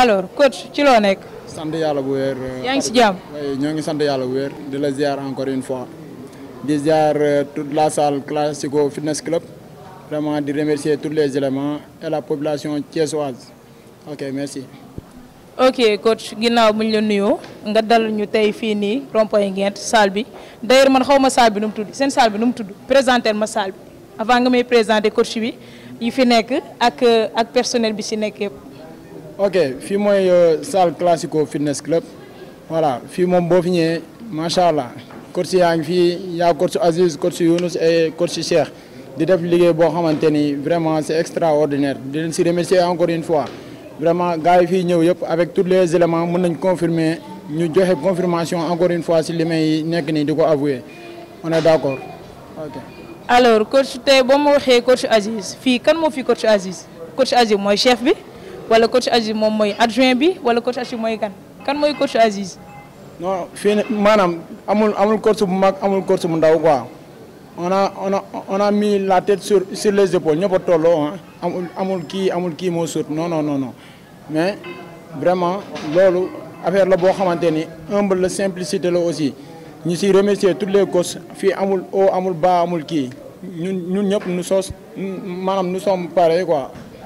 alors coach tu l'as nekk. sant Yalla bu wér. yaa ngi la ziar encore une fois la ziar euh, toute la salle classico fitness club vraiment de remercier tous les éléments et la population thiessoise ok merci. ok coach ginnaaw bu ñu la nuyoo nga dal ñu de fii salle. D'ailleurs, je ne salle bi d'ailleurs man xaw ma salle bi nu tudd seen salle bi nu tudd ma salle avant de me présenter coach bi yi fi avec euh, ak personnel bi si ok c'est euh, la salle classique classico fitness club voilà ici c'est mon beau ñëwee macha coach yaa ngi fii coach Aziz coach Younous et coach Cheikh di def liggéey bo xamanteni vraiment c'est extraordinaire di len si remercier encore une fois vraiment gars yi fii yep avec tous les éléments mën nañ confirmer ñu joxe confirmation encore une fois si les mains nekk ni diko avouer on est d'accord ok. alors coach té bo mo waxé coach Aziz fi kan mo fi coach Aziz coach Aziz moy chef bi wala coach Aziz moom mooy adjoint bi wala coach Aziz moy kan kan moy coach Aziz. non fii manam amul amul coach bu mag amul coach bu ndaw quoi on a on a on a mis la tête sur sur les épaules ñëpp tolo hein. amul amul ki amul ki mo sout non non non non mais vraiment lolu affaire la bo xamanteni ni humble la simplicité la aussi ñu si remercier toutes les coachs fi amul haut amul bas amul ki ñun ñun ñëpp nous sommes maanaam nous sommes pareils quoi.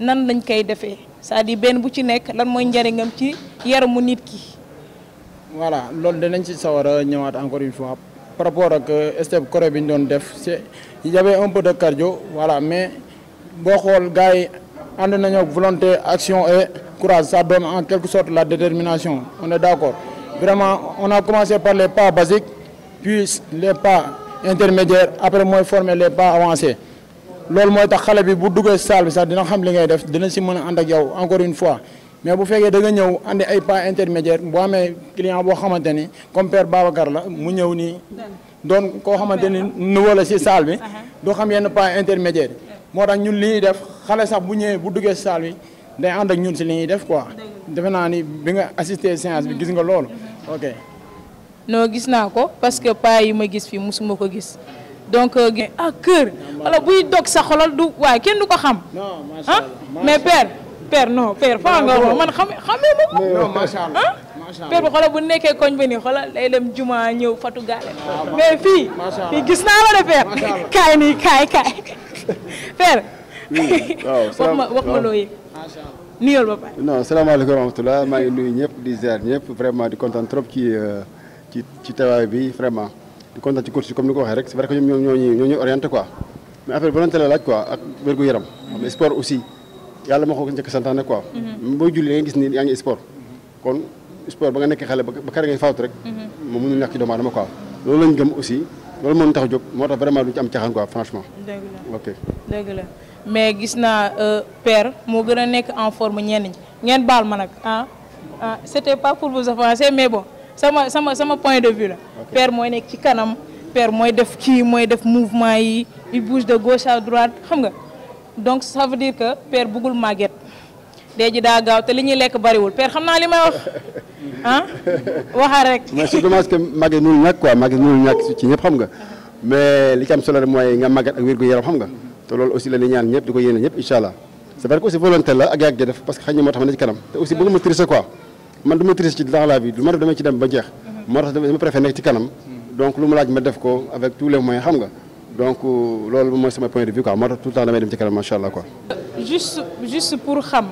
nan lañ koy défé c'est-à-dire bu ci nek lan moy njëriñam ci yaramu nit ki. voilà loolu dañ ci sawara a ñëwaat encore une fois par rapport à euh, step coré biñ doon def c'est il y avait un peu de cardio voilà mais bo xol gaay and nañu nañoo volonté action et courage ça donne en quelque sorte la détermination on est d'accord vraiment on a commencé par les pas basiques puis les pas intermédiaires après moi former les pas avancés. lol moy tax xalé bi bu duggé salle bi sax dina xam li ngay def dina ci mëna and ak yow encore une fois mais bu fekkee da nga ñëw andi ay pas intermédiaire bo amé client bo xamanteni comme père Babacar la mu ñëw ni don ko xamanteni ni wala ci si salle bi do xam yenn pas intermédiaire moo tax ñun li def xalé sax bu ñëw bu duggé salle bi day and ak ñun ci li ñuy def quoi defe na ni bi nga assister séance bi gis nga loolu ok no gis na ko parce que pas yi ma gis fi musuma ko gis donc ah cœur alors donc ça sa xolal du waaye kenn du Non, xam. Hein? mais père. père non père ma nga Je man xam pas. ma non hein? père vous bu nekkee koñ chère. dem ah, mais fille, Ma gis vu, la père. Ma chère. kaay père. dis ma wax ma Ma chère. non Ma wa ngi vraiment di trop qui, qui euh, vraiment comme c'est vrai que ñoo ñoo mais affaire la quoi aussi quoi. Mm-hmm. ni sport kon sport ba nga ba rek. Mm-hmm. quoi lañ aussi. franchement. ok euh, père forme ah, ah, c'était pas pour vous avancer mais bon sama sama sama point de vue là père moy nek ci kanam père moy def ki moy def mouvement yi il bouge de gauche à droite xam nga donc ça veut dire que père bugul màgget dee da gaw té te li ñuy lekk bariwul père xamna limay wax hein waxa rek. mais c'est dommage que màgget mënul ñàkk quoi màgget mënul ñak ci ñep xam nga mais li ci am solo moy nga magat ak wirgu yaram xam nga té loolu aussi la ñuy ñaan ñep diko ko ñep inshallah c'est vrai que c'est volonté la ak yàgg def parce que xëy mo tax na ci kanam té aussi bëgguma tricher quoi man du ma triste ci dans la vie du ma def dama ci dem ba jeex mara tax dama préféré nek ci kanam donc luma laaj ma def ko avec tous les moyens xam nga donc euh, lolou moy sama point de vue quoi mara tout temps damay dem ci kanam macha quoi. juste juste pour xam.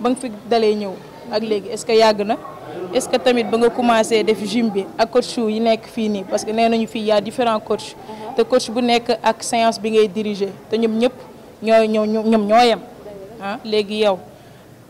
ba nga fi dalé ñew ak légui est-ce que yag na est-ce que tamit ba nga commencé def gym bi ak coach yi nek fii nii parce que nee fi ya différents coach mhm. te coach bu nek ak séance bi ngay diriger te ñom ñep ñoy ñoo ñoom ñoo yem ah yow.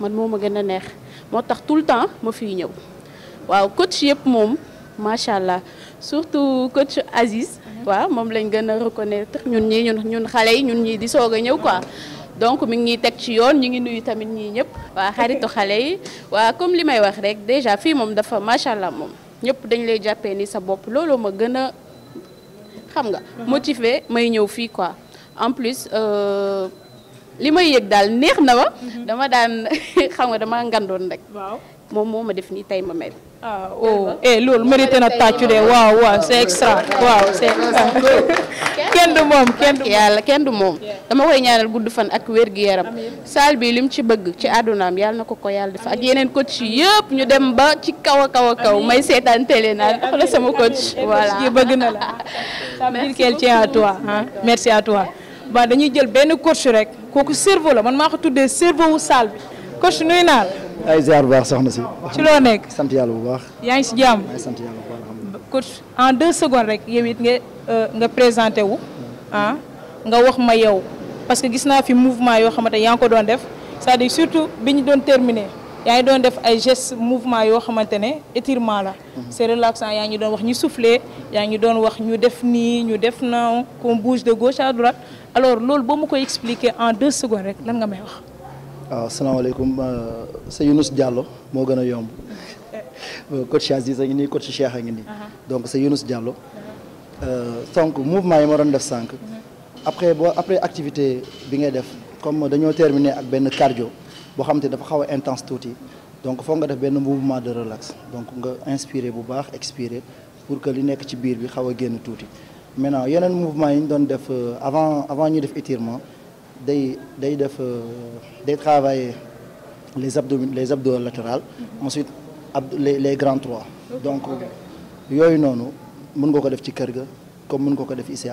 man moma gëna neex motax tout le temps ma fi ñew waaw coach yépp mom machallah surtout coach Aziz. waaw mom lañ gëna a reconnaître ñun ñi ñun ñun xale yi ñun ñi di soga ñew quoi. donc mi ngi tek ci yoon ñi ngi nuyu tamit ñi ñëpp. waa xaritu xalé yi waa comme limay wax rek déjà fi mom dafa machallah mom moom ñëpp dañ lay jappé ni sa bop lolo ma gëna xam nga. Mhm. motivé may ñew fi quoi en plus. euh li may yëg daal neex na ma. Mhm. dama daan xam nga dama ngandoon rek. waaw moom moo ma def nii tey ma mel. Ah, oh eh loolu mérité na tàccu de waaw waaw c'est extra waaw c'est extra kenn du moom kenn du yàlla kenn du moom dama koy ñaanal gudd fan ak wér gu yaram saal bi lim ci bëgg ci àddunaam yàlla na ko ko yàlla def ak yeneen coach yi yëpp ñu dem ba ci kaw a kaw a kaw may seetaan télé naan xala sama coach voilà bëgg la merci à toi merci à ba dañuy jël benn coach rek kooku cerveau la man maa ko cerveau wu bi coach nuy ay ziar bu baax na si. ci loo nekk sant yàlla bu baax. yaa ngi bu en deux secondes rek yow it nga euh, présenté wu ah nga wax ma parce que gis naa fi mouvement yoo xamante yaa ko doon def à dire surtout bi ñu terminer yaa ngi doon def ay gestes mouvement yo xamantene étirement la mhm. c'est relaxant yaa ñu doon wax ñu souffler yaa ñu doon wax ñu def ni ñu def na qu'on bouge de gauche à droite alors lool bo mu ko expliquer en deux secondes rek lan nga may wax waaw ah, asalaamaaleykum c'est euh, Younous Diallo mo gëna yomb euh, coach Aziz a ngi coach Cheikh nga ni uh-huh. donc c'est Younous Diallo euh donc mouvement yi mo doon def sànq uh-huh. après bo après activité bi ngay def comme dañu terminer ak ben cardio boo xam te dafa xaw intense tuuti donc foog nga def benn mouvement de relax donc nga inspirer bu baax expirer pour que li nekk ci biir bi xaw a génn tuuti maintenant yeneen mouvement yi ñu doon def euh, avant avant ñu def étirement day day def euh, day travailler les abdos les abdos latérales mhm. ensuite les grands trois donc yooyu noonu mën nga ko def ci kër ga comme mën nga ko def ici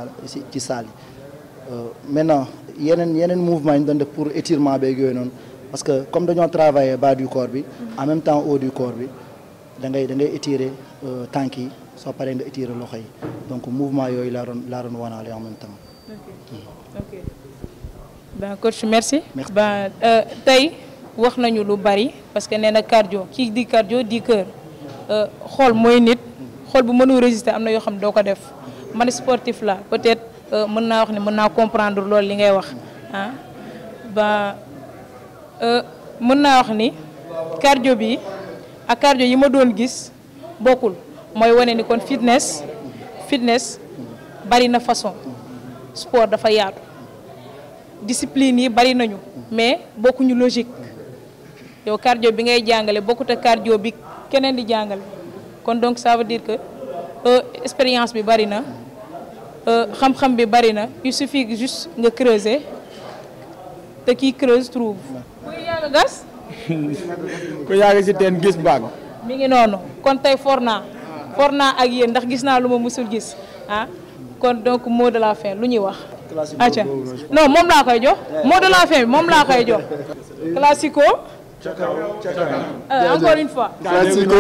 ci salle yi euh, maintenant yeneen yeneen mouvement yi ñu doon def pour étirement beeg yooyu noonu parce que comme dañoo travailler bas du corps bi mm-hmm. en même temps haut du corps bi da ngay da ngay étirer euh, tànk yi soo paree nga étirer loxo donc mouvement yooyu laa doon laa doon wanaale en même temps. ok mm-hmm. ben coach merci. merci ben euh, tey wax nañu lu bari parce que nee na cardio kii di cardio di cœur euh, xool mooy nit. Mm-hmm. xol bu mënul résister amna yo xam do ko def man sportif la peut-être mëna wax ni mëna comprendre lool li ngay wax hein ah. ba. Euh, mën naa wax ni cardio bi ak cardio yi ma doon gis bokkul mooy wane ni kon fitness fitness bari na façon sport dafa yaatu discipline yi bari nañu mais bokkuñu logique yow cardio bi ngay jàngale bokkut ak cardio bi keneen di jàngale kon donc ça veut dire que euh, expérience bi bari na euh, xam-xam bi bari na il suffit juste nga creuser te qui creuse trouve. kuy yàgg gas. ku yàgg ci teen gis baag. mi ngi noonu kon tey for naa for naa ak yéen ndax gis naa lu ma musul gis ah kon donc mot de la fin lu ñuy wax. acca non moom laa koy jox mot de la fin bi moom laa koy jox. classico. ca kaw ca kanam euh, encore une fois. classico